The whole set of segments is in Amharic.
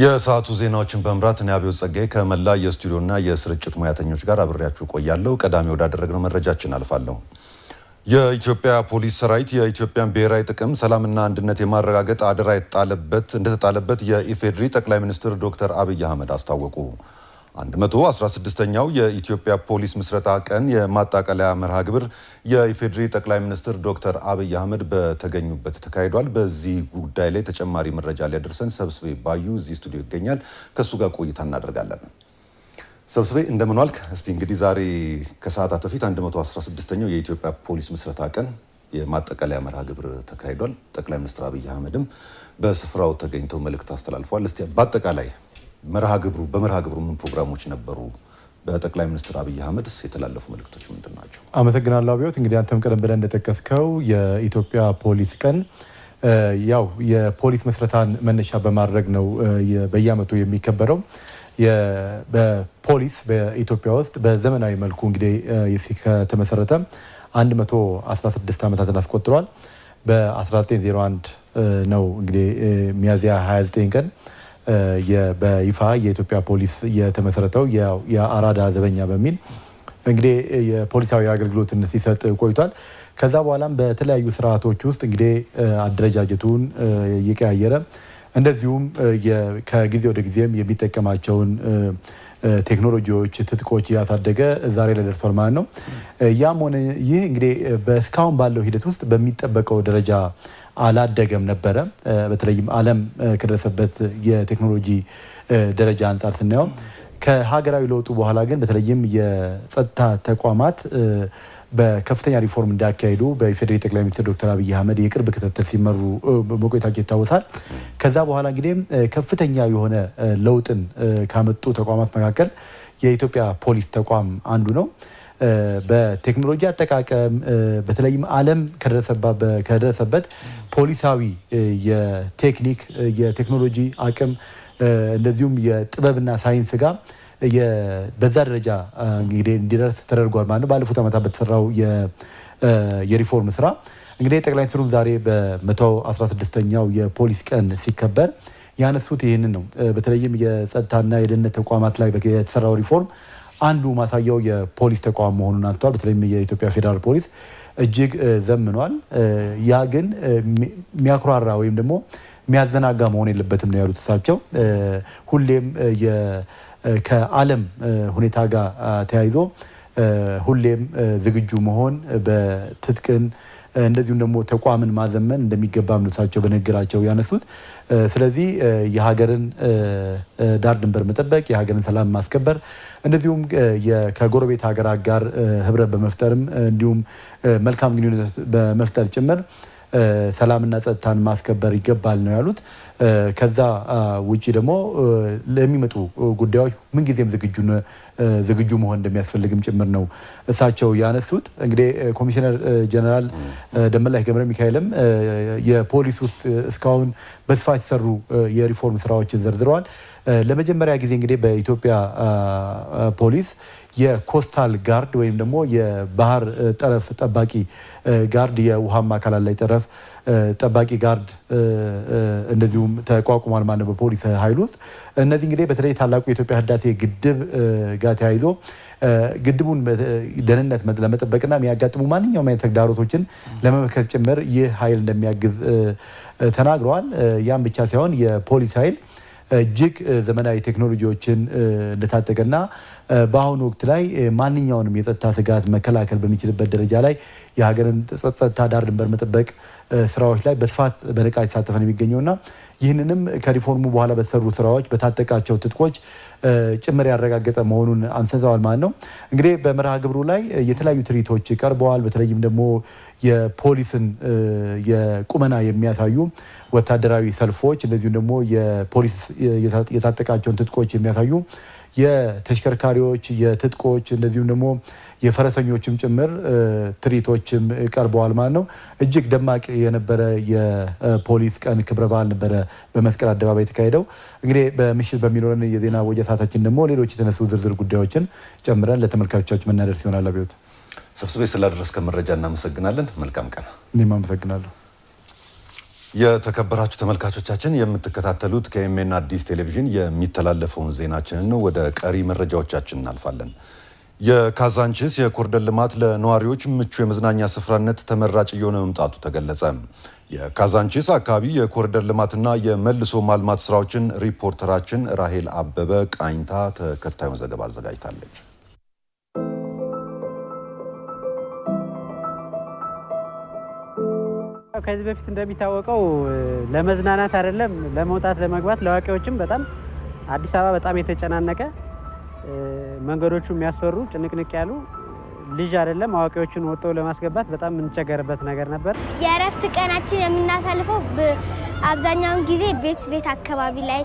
የሰዓቱ ዜናዎችን በመምራት እኔ አብዮት ጸጋይ ከመላ የስቱዲዮና የስርጭት ሙያተኞች ጋር አብሬያችሁ ቆያለሁ። ቀዳሚ ወዳደረግነው መረጃችን አልፋለሁ። የኢትዮጵያ ፖሊስ ሰራዊት የኢትዮጵያን ብሔራዊ ጥቅም ሰላምና አንድነት የማረጋገጥ አደራ እንደተጣለበት የኢፌዴሪ ጠቅላይ ሚኒስትር ዶክተር አብይ አህመድ አስታወቁ። 116ኛው የኢትዮጵያ ፖሊስ ምስረታ ቀን የማጣቀለያ መርሃ ግብር የኢፌዴሪ ጠቅላይ ሚኒስትር ዶክተር አብይ አህመድ በተገኙበት ተካሂዷል። በዚህ ጉዳይ ላይ ተጨማሪ መረጃ ሊያደርሰን ሰብስቤ ባዩ እዚህ ስቱዲዮ ይገኛል። ከእሱ ጋር ቆይታ እናደርጋለን። ሰብስቤ እንደምን ዋልክ? እስቲ እንግዲህ ዛሬ ከሰዓታት በፊት 116ኛው የኢትዮጵያ ፖሊስ ምስረታ ቀን የማጠቃለያ መርሃ ግብር ተካሂዷል። ጠቅላይ ሚኒስትር አብይ አህመድም በስፍራው ተገኝተው መልእክት አስተላልፈዋል። እስቲ በአጠቃላይ መርሃ ግብሩ በመርሃ ግብሩ ምን ፕሮግራሞች ነበሩ? በጠቅላይ ሚኒስትር አብይ አህመድስ የተላለፉ መልእክቶች ምንድን ናቸው? አመሰግናለሁ አብዮት። እንግዲህ አንተም ቀደም ብለን እንደጠቀስከው የኢትዮጵያ ፖሊስ ቀን ያው የፖሊስ መስረታን መነሻ በማድረግ ነው በየአመቱ የሚከበረው። በፖሊስ በኢትዮጵያ ውስጥ በዘመናዊ መልኩ እንግዲህ ከተመሰረተ 116 ዓመታትን አስቆጥሯል። በ1901 ነው እንግዲህ ሚያዝያ 29 ቀን በይፋ የኢትዮጵያ ፖሊስ የተመሰረተው የአራዳ ዘበኛ በሚል እንግዲህ የፖሊሳዊ አገልግሎትን ሲሰጥ ቆይቷል። ከዛ በኋላም በተለያዩ ስርዓቶች ውስጥ እንግዲህ አደረጃጀቱን እየቀያየረ እንደዚሁም ከጊዜ ወደ ጊዜም የሚጠቀማቸውን ቴክኖሎጂዎች፣ ትጥቆች እያሳደገ ዛሬ ላይ ደርሷል ማለት ነው። ያም ሆነ ይህ እንግዲህ በእስካሁን ባለው ሂደት ውስጥ በሚጠበቀው ደረጃ አላደገም ነበረ። በተለይም ዓለም ከደረሰበት የቴክኖሎጂ ደረጃ አንጻር ስናየው ከሀገራዊ ለውጡ በኋላ ግን በተለይም የጸጥታ ተቋማት በከፍተኛ ሪፎርም እንዳካሄዱ በኢፌዴሪ ጠቅላይ ሚኒስትር ዶክተር አብይ አህመድ የቅርብ ክትትል ሲመሩ መቆየታቸው ይታወሳል። ከዛ በኋላ እንግዲህ ከፍተኛ የሆነ ለውጥን ካመጡ ተቋማት መካከል የኢትዮጵያ ፖሊስ ተቋም አንዱ ነው። በቴክኖሎጂ አጠቃቀም በተለይም ዓለም ከደረሰበት ፖሊሳዊ የቴክኒክ የቴክኖሎጂ አቅም እንደዚሁም የጥበብና ሳይንስ ጋር በዛ ደረጃ እንግዲህ እንዲደርስ ተደርጓል ማለት ነው። ባለፉት ዓመታት በተሰራው የሪፎርም ስራ እንግዲህ ጠቅላይ ሚኒስትሩም ዛሬ በ116ኛው የፖሊስ ቀን ሲከበር ያነሱት ይህንን ነው። በተለይም የጸጥታና የደህንነት ተቋማት ላይ የተሰራው ሪፎርም አንዱ ማሳያው የፖሊስ ተቋም መሆኑን አንስተዋል። በተለይም የኢትዮጵያ ፌዴራል ፖሊስ እጅግ ዘምኗል። ያ ግን የሚያኩራራ ወይም ደግሞ የሚያዘናጋ መሆን የለበትም ነው ያሉት እሳቸው። ሁሌም ከዓለም ሁኔታ ጋር ተያይዞ ሁሌም ዝግጁ መሆን በትጥቅን እንደዚሁም ደግሞ ተቋምን ማዘመን እንደሚገባ ነው እሳቸው በንግግራቸው ያነሱት። ስለዚህ የሀገርን ዳር ድንበር መጠበቅ፣ የሀገርን ሰላም ማስከበር እንደዚሁም ከጎረቤት ሀገራት ጋር ህብረት በመፍጠርም እንዲሁም መልካም ግንኙነት በመፍጠር ጭምር ሰላምና ጸጥታን ማስከበር ይገባል ነው ያሉት። ከዛ ውጪ ደግሞ ለሚመጡ ጉዳዮች ምንጊዜም ዝግጁ መሆን እንደሚያስፈልግም ጭምር ነው እሳቸው ያነሱት። እንግዲህ ኮሚሽነር ጀነራል ደመላሽ ገብረ ሚካኤልም የፖሊስ ውስጥ እስካሁን በስፋት የሰሩ የሪፎርም ስራዎችን ዘርዝረዋል። ለመጀመሪያ ጊዜ እንግዲህ በኢትዮጵያ ፖሊስ የኮስታል ጋርድ ወይም ደግሞ የባህር ጠረፍ ጠባቂ ጋርድ የውሃማ አካላት ላይ ጠረፍ ጠባቂ ጋርድ እንደዚሁም ተቋቁሟል ማለት ነው በፖሊስ ኃይል ውስጥ። እነዚህ እንግዲህ በተለይ ታላቁ የኢትዮጵያ ህዳሴ ግድብ ጋር ተያይዞ ግድቡን ደህንነት ለመጠበቅና የሚያጋጥሙ ማንኛውም አይነት ተግዳሮቶችን ለመመከት ጭምር ይህ ኃይል እንደሚያግዝ ተናግረዋል። ያም ብቻ ሳይሆን የፖሊስ ኃይል እጅግ ዘመናዊ ቴክኖሎጂዎችን እንደታጠቀና በአሁኑ ወቅት ላይ ማንኛውንም የጸጥታ ስጋት መከላከል በሚችልበት ደረጃ ላይ የሀገርን ጸጥታ ዳር ድንበር መጠበቅ ስራዎች ላይ በስፋት በንቃ የተሳተፈ ነው የሚገኘውና ይህንንም ከሪፎርሙ በኋላ በተሰሩ ስራዎች በታጠቃቸው ትጥቆች ጭምር ያረጋገጠ መሆኑን አንስተዋል ማለት ነው። እንግዲህ በመርሃ ግብሩ ላይ የተለያዩ ትርኢቶች ቀርበዋል። በተለይም ደግሞ የፖሊስን የቁመና የሚያሳዩ ወታደራዊ ሰልፎች፣ እንደዚሁም ደግሞ የፖሊስ የታጠቃቸውን ትጥቆች የሚያሳዩ የተሽከርካሪዎች የትጥቆች እንደዚሁም ደግሞ የፈረሰኞችም ጭምር ትርኢቶችም ቀርበዋል ማለት ነው። እጅግ ደማቅ የነበረ የፖሊስ ቀን ክብረ በዓል ነበረ በመስቀል አደባባይ የተካሄደው። እንግዲህ በምሽት በሚኖረን የዜና ወጃ ሰዓታችን ደግሞ ሌሎች የተነሱ ዝርዝር ጉዳዮችን ጨምረን ለተመልካቾቻችን መናደርስ ይሆናል። አብዮት ሰብስቤ ስላደረስከ መረጃ እናመሰግናለን። መልካም ቀን። እኔም አመሰግናለሁ። የተከበራችሁ ተመልካቾቻችን የምትከታተሉት ከኤምኤን አዲስ ቴሌቪዥን የሚተላለፈውን ዜናችንን ወደ ቀሪ መረጃዎቻችን እናልፋለን። የካዛንቺስ የኮሪደር ልማት ለነዋሪዎች ምቹ የመዝናኛ ስፍራነት ተመራጭ እየሆነ መምጣቱ ተገለጸ። የካዛንቺስ አካባቢ የኮሪደር ልማትና የመልሶ ማልማት ስራዎችን ሪፖርተራችን ራሄል አበበ ቃኝታ ተከታዩን ዘገባ አዘጋጅታለች። ከዚህ በፊት እንደሚታወቀው ለመዝናናት አይደለም ለመውጣት ለመግባት ለዋቂዎችም በጣም አዲስ አበባ በጣም የተጨናነቀ መንገዶቹ የሚያስፈሩ ጭንቅንቅ ያሉ ልጅ አይደለም አዋቂዎችን ወጥተው ለማስገባት በጣም የምንቸገርበት ነገር ነበር። የእረፍት ቀናችን የምናሳልፈው አብዛኛውን ጊዜ ቤት ቤት አካባቢ ላይ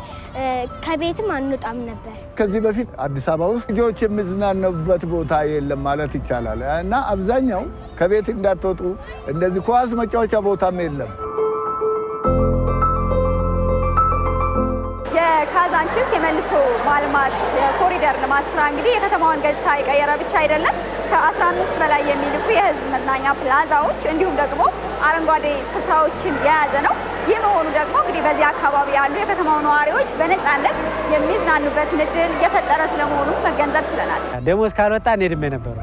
ከቤትም አንወጣም ነበር። ከዚህ በፊት አዲስ አበባ ውስጥ ልጆች የሚዝናኑበት ቦታ የለም ማለት ይቻላል እና አብዛኛው ከቤት እንዳትወጡ እንደዚህ ኳስ መጫወቻ ቦታም የለም። የካዛንቺስ የመልሶ ማልማት የኮሪደር ልማት ስራ እንግዲህ የከተማዋን ገጽታ የቀየረ ብቻ አይደለም። ከ15 በላይ የሚልኩ የህዝብ መዝናኛ ፕላዛዎች እንዲሁም ደግሞ አረንጓዴ ስፍራዎችን የያዘ ነው። ይህ መሆኑ ደግሞ እንግዲህ በዚህ አካባቢ ያሉ የከተማው ነዋሪዎች በነፃነት የሚዝናኑበትን እድል እየፈጠረ ስለመሆኑ መገንዘብ ችለናል። ደሞዝ ካልወጣ እንሄድም ነበሩ።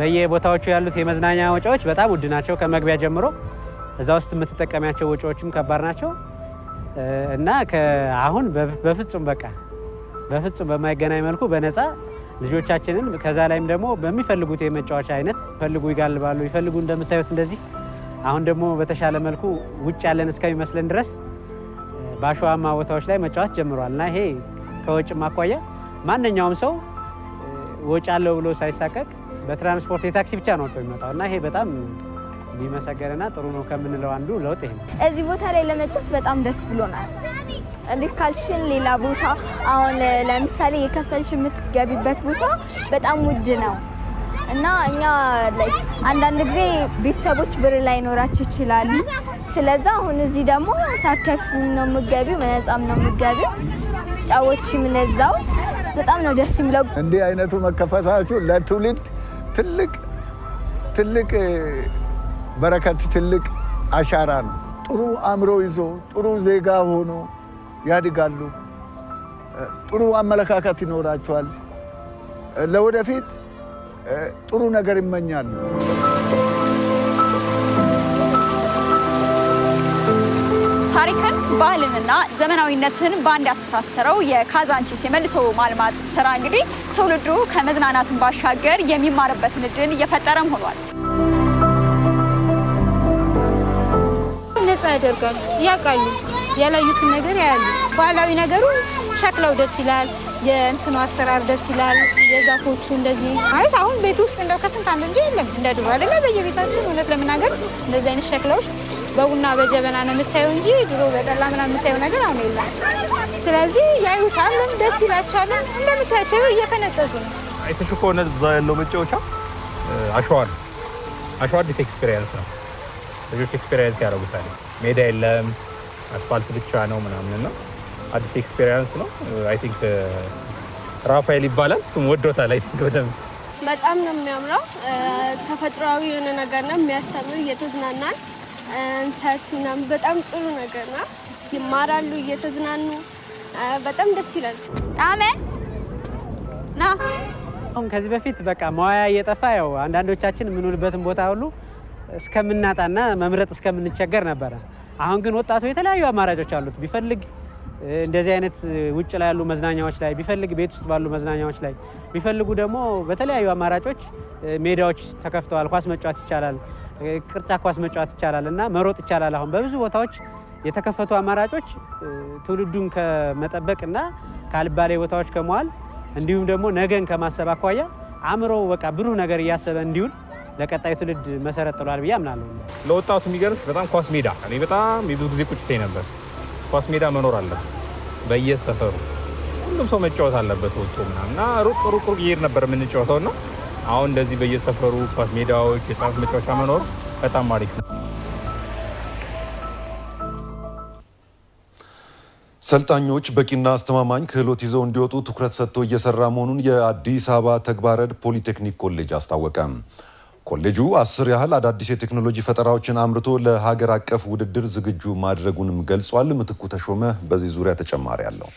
በየቦታዎቹ ያሉት የመዝናኛ ወጪዎች በጣም ውድ ናቸው። ከመግቢያ ጀምሮ እዛ ውስጥ የምትጠቀሚያቸው ወጪዎችም ከባድ ናቸው። እና አሁን በፍጹም በቃ በፍጹም በማይገናኝ መልኩ በነፃ ልጆቻችንን ከዛ ላይም ደግሞ በሚፈልጉት የመጫወቻ አይነት ፈልጉ ይጋልባሉ ይፈልጉ እንደምታዩት እንደዚህ። አሁን ደግሞ በተሻለ መልኩ ውጭ ያለን እስከሚመስለን ድረስ በአሸዋማ ቦታዎች ላይ መጫወት ጀምሯል። እና ይሄ ከወጭ አኳያ ማንኛውም ሰው ወጪ አለው ብሎ ሳይሳቀቅ በትራንስፖርት የታክሲ ብቻ ነው የሚመጣው እና ይሄ በጣም ሊመሰገንና ጥሩ ነው ከምንለው አንዱ ለውጥ ይሄ ነው። እዚህ ቦታ ላይ ለመጫወት በጣም ደስ ብሎናል። እንዴት ካልሽን ሌላ ቦታ አሁን ለምሳሌ የከፈልሽ የምትገቢበት ቦታ በጣም ውድ ነው እና እኛ አንዳንድ ጊዜ ቤተሰቦች ብር ላይኖራቸው ይችላሉ። ስለዛ አሁን እዚህ ደግሞ ሳከፍ ነው የምትገቢው፣ መነጻም ነው የምትገቢው፣ ስትጫወች የምነዛው በጣም ነው ደስ የሚለው። እንዲህ አይነቱ መከፈታችሁ ለትውልድ ትልቅ ትልቅ በረከት ትልቅ አሻራ ነው። ጥሩ አእምሮ ይዞ ጥሩ ዜጋ ሆኖ ያድጋሉ። ጥሩ አመለካከት ይኖራቸዋል። ለወደፊት ጥሩ ነገር ይመኛሉ። ታሪክን ባህልንና ዘመናዊነትን በአንድ ያስተሳሰረው የካዛንቺስ የመልሶ ማልማት ስራ እንግዲህ ትውልዱ ከመዝናናትን ባሻገር የሚማርበትን እድል እየፈጠረም ሆኗል። ነፃ ያደርጋሉ። ያውቃሉ፣ ያላዩትን ነገር ያያሉ። ባህላዊ ነገሩ ሸክላው ደስ ይላል፣ የእንትኑ አሰራር ደስ ይላል፣ የዛፎቹ እንደዚህ ማለት አሁን ቤት ውስጥ እንደው ከስንት አንድ እንጂ የለም እንደ ድሮ አይደለ። በየቤታችን እውነት ለመናገር እንደዚህ አይነት ሸክላዎች በቡና በጀበና ነው የምታየው እንጂ ድሮ በጠላ ምናምን የምታየው ነገር አሁን የለም። ስለዚህ ያዩታልም፣ ደስ ይላቸዋል እንደምታያቸው እየፈነጠሱ ነው። አይተሽ ከሆነ እዛ ያለው መጫወቻ አሸዋ ነው። አሸዋ አዲስ ኤክስፔሪንስ ነው። ልጆች ኤክስፔሪንስ ያደረጉታል። ሜዳ የለም አስፋልት ብቻ ነው ምናምን ነው። አዲስ ኤክስፔሪንስ ነው። አይ ቲንክ ራፋኤል ይባላል ስሙ ወዶታል። አይ ቲንክ በደምብ በጣም ነው የሚያምረው። uh, ተፈጥሯዊ የሆነ ነገር ነው የሚያስተምር፣ እየተዝናናን uh, እንሰት ምናምን በጣም ጥሩ ነገር ነው። ይማራሉ እየተዝናኑ uh, በጣም ደስ ይላል። ጣሜ ና አሁን ከዚህ በፊት በቃ መዋያ እየጠፋ ያው አንዳንዶቻችን የምንውልበትን ቦታ ሁሉ እስከምናጣና መምረጥ እስከምንቸገር ነበረ። አሁን ግን ወጣቱ የተለያዩ አማራጮች አሉት። ቢፈልግ እንደዚህ አይነት ውጭ ላይ ያሉ መዝናኛዎች ላይ ቢፈልግ ቤት ውስጥ ባሉ መዝናኛዎች ላይ ቢፈልጉ ደግሞ በተለያዩ አማራጮች ሜዳዎች ተከፍተዋል። ኳስ መጫወት ይቻላል፣ ቅርጫ ኳስ መጫወት ይቻላል እና መሮጥ ይቻላል። አሁን በብዙ ቦታዎች የተከፈቱ አማራጮች ትውልዱን ከመጠበቅ እና ከአልባሌ ቦታዎች ከመዋል እንዲሁም ደግሞ ነገን ከማሰብ አኳያ አእምሮ በቃ ብሩህ ነገር እያሰበ እንዲውል ለቀጣይ ትውልድ መሰረት ጥሏል ብዬ አምናለሁ። ለወጣቱ የሚገርምሽ በጣም ኳስ ሜዳ እኔ በጣም የብዙ ጊዜ ቁጭቴ ነበር። ኳስ ሜዳ መኖር አለበት በየሰፈሩ ሁሉም ሰው መጫወት አለበት ወጥቶ ምናምን እና ሩቅ ሩቅ ሩቅ እየሄድ ነበር የምንጫወተው እና አሁን እንደዚህ በየሰፈሩ ኳስ ሜዳዎች፣ የህፃናት መጫወቻ መኖር በጣም አሪፍ ነው። ሰልጣኞች በቂና አስተማማኝ ክህሎት ይዘው እንዲወጡ ትኩረት ሰጥቶ እየሰራ መሆኑን የአዲስ አበባ ተግባረ ዕድ ፖሊቴክኒክ ኮሌጅ አስታወቀ። ኮሌጁ አስር ያህል አዳዲስ የቴክኖሎጂ ፈጠራዎችን አምርቶ ለሀገር አቀፍ ውድድር ዝግጁ ማድረጉንም ገልጿል። ምትኩ ተሾመ በዚህ ዙሪያ ተጨማሪ አለው።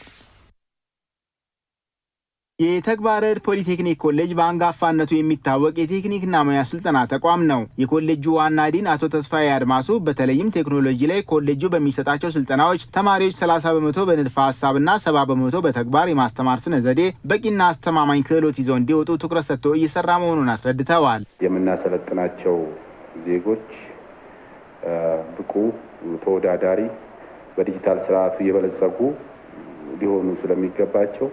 የተግባረ ዕድ ፖሊቴክኒክ ኮሌጅ በአንጋፋነቱ የሚታወቅ የቴክኒክና ሙያ ስልጠና ተቋም ነው። የኮሌጁ ዋና ዲን አቶ ተስፋዬ አድማሱ በተለይም ቴክኖሎጂ ላይ ኮሌጁ በሚሰጣቸው ስልጠናዎች ተማሪዎች 30 በመቶ በንድፈ ሀሳብና 70 በመቶ በተግባር የማስተማር ስነ ዘዴ በቂና አስተማማኝ ክህሎት ይዘው እንዲወጡ ትኩረት ሰጥቶ እየሰራ መሆኑን አስረድተዋል። የምናሰለጥናቸው ዜጎች ብቁ፣ ተወዳዳሪ፣ በዲጂታል ስርዓቱ የበለጸጉ ሊሆኑ ስለሚገባቸው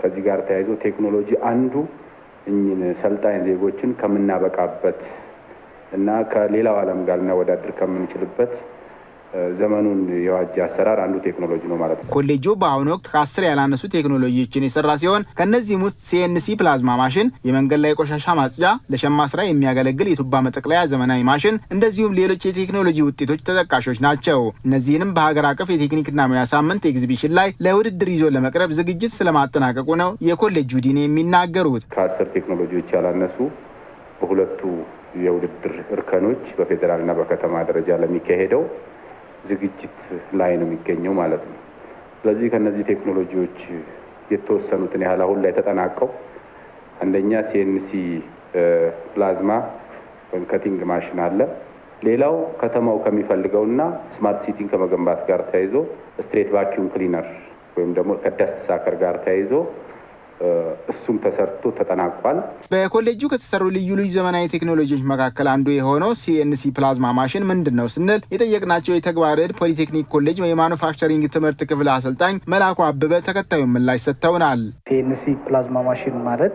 ከዚህ ጋር ተያይዞ ቴክኖሎጂ አንዱ እኝን ሰልጣኝ ዜጎችን ከምናበቃበት እና ከሌላው ዓለም ጋር ልናወዳድር ከምንችልበት ዘመኑን የዋጅ አሰራር አንዱ ቴክኖሎጂ ነው ማለት ነው። ኮሌጁ በአሁኑ ወቅት ከአስር ያላነሱ ቴክኖሎጂዎችን የሰራ ሲሆን ከእነዚህም ውስጥ ሲኤንሲ ፕላዝማ ማሽን፣ የመንገድ ላይ ቆሻሻ ማጽጃ፣ ለሸማ ስራ የሚያገለግል የቱባ መጠቅለያ ዘመናዊ ማሽን፣ እንደዚሁም ሌሎች የቴክኖሎጂ ውጤቶች ተጠቃሾች ናቸው። እነዚህንም በሀገር አቀፍ የቴክኒክና ሙያ ሳምንት ኤግዚቢሽን ላይ ለውድድር ይዞ ለመቅረብ ዝግጅት ስለማጠናቀቁ ነው የኮሌጁ ዲን የሚናገሩት። ከአስር ቴክኖሎጂዎች ያላነሱ በሁለቱ የውድድር እርከኖች በፌዴራልና በከተማ ደረጃ ለሚካሄደው ዝግጅት ላይ ነው የሚገኘው ማለት ነው። ስለዚህ ከነዚህ ቴክኖሎጂዎች የተወሰኑትን ያህል አሁን ላይ ተጠናቀው አንደኛ ሲኤንሲ ፕላዝማ ወይም ከቲንግ ማሽን አለ። ሌላው ከተማው ከሚፈልገው እና ስማርት ሲቲን ከመገንባት ጋር ተያይዞ ስትሬት ቫኪዩም ክሊነር ወይም ደግሞ ከዳስት ሳከር ጋር ተያይዞ እሱም ተሰርቶ ተጠናቋል። በኮሌጁ ከተሰሩ ልዩ ልዩ ዘመናዊ ቴክኖሎጂዎች መካከል አንዱ የሆነው ሲኤንሲ ፕላዝማ ማሽን ምንድን ነው ስንል የጠየቅናቸው የተግባር ዕድ ፖሊቴክኒክ ኮሌጅ የማኑፋክቸሪንግ ትምህርት ክፍል አሰልጣኝ መላኩ አበበ ተከታዩን ምላሽ ሰጥተውናል። ሲኤንሲ ፕላዝማ ማሽን ማለት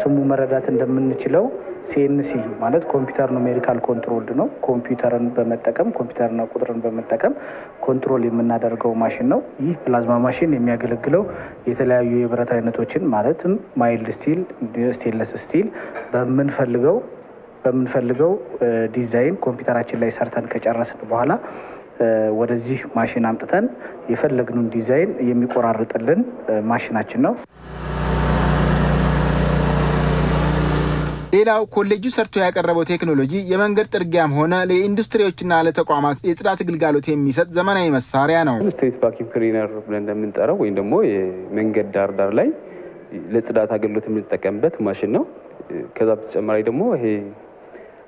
ስሙ መረዳት እንደምንችለው ሲኤንሲ ማለት ኮምፒውተር ኑሜሪካል ኮንትሮልድ ነው። ኮምፒውተርን በመጠቀም ኮምፒውተርና ቁጥርን በመጠቀም ኮንትሮል የምናደርገው ማሽን ነው። ይህ ፕላዝማ ማሽን የሚያገለግለው የተለያዩ የብረት አይነቶችን ማለትም ማይልድ ስቲል፣ ስቴንለስ ስቲል በምንፈልገው በምንፈልገው ዲዛይን ኮምፒውተራችን ላይ ሰርተን ከጨረስን በኋላ ወደዚህ ማሽን አምጥተን የፈለግንን ዲዛይን የሚቆራርጥልን ማሽናችን ነው። ሌላው ኮሌጁ ሰርቶ ያቀረበው ቴክኖሎጂ የመንገድ ጥርጊያም ሆነ ለኢንዱስትሪዎችና ለተቋማት የጽዳት ግልጋሎት የሚሰጥ ዘመናዊ መሳሪያ ነው። ስትሪት ቫኪም ክሊነር ብለን እንደምንጠራው ወይም ደግሞ የመንገድ ዳር ዳር ላይ ለጽዳት አገልግሎት የምንጠቀምበት ማሽን ነው። ከዛ በተጨማሪ ደግሞ ይሄ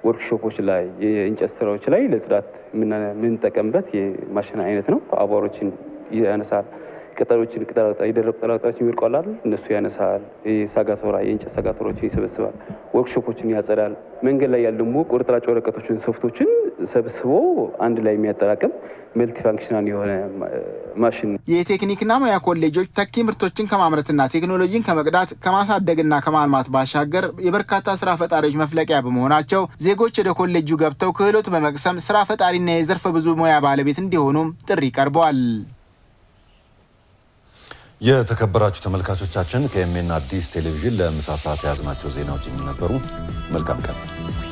ወርክሾፖች ላይ የእንጨት ስራዎች ላይ ለጽዳት የምንጠቀምበት የማሽን አይነት ነው። አቧሮችን ያነሳል። ቅጠሎችን የደረቁ ቅጠላቅጠሎች ይወድቃሉ እነሱ ያነሳል። ሳጋቶራ የእንጨት ሳጋቶራዎችን ይሰበስባል። ወርክሾፖችን ያጸዳል። መንገድ ላይ ያሉ ደግሞ ቁርጥራጭ ወረቀቶችን፣ ሶፍቶችን ሰብስቦ አንድ ላይ የሚያጠራቅም መልቲፋንክሽናል የሆነ ማሽን ነው። የቴክኒክና ሙያ ኮሌጆች ተኪ ምርቶችን ከማምረትና ቴክኖሎጂን ከመቅዳት ከማሳደግና ከማልማት ባሻገር የበርካታ ስራ ፈጣሪዎች መፍለቂያ በመሆናቸው ዜጎች ወደ ኮሌጁ ገብተው ክህሎት በመቅሰም ስራ ፈጣሪና የዘርፈ ብዙ ሙያ ባለቤት እንዲሆኑም ጥሪ ቀርበዋል። የተከበራችሁ ተመልካቾቻችን ከኤሜን አዲስ ቴሌቪዥን ለምሳ ሰዓት የያዝናቸው ዜናዎች የሚነበሩ መልካም ቀን